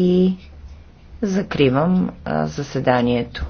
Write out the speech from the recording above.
и закривам заседанието.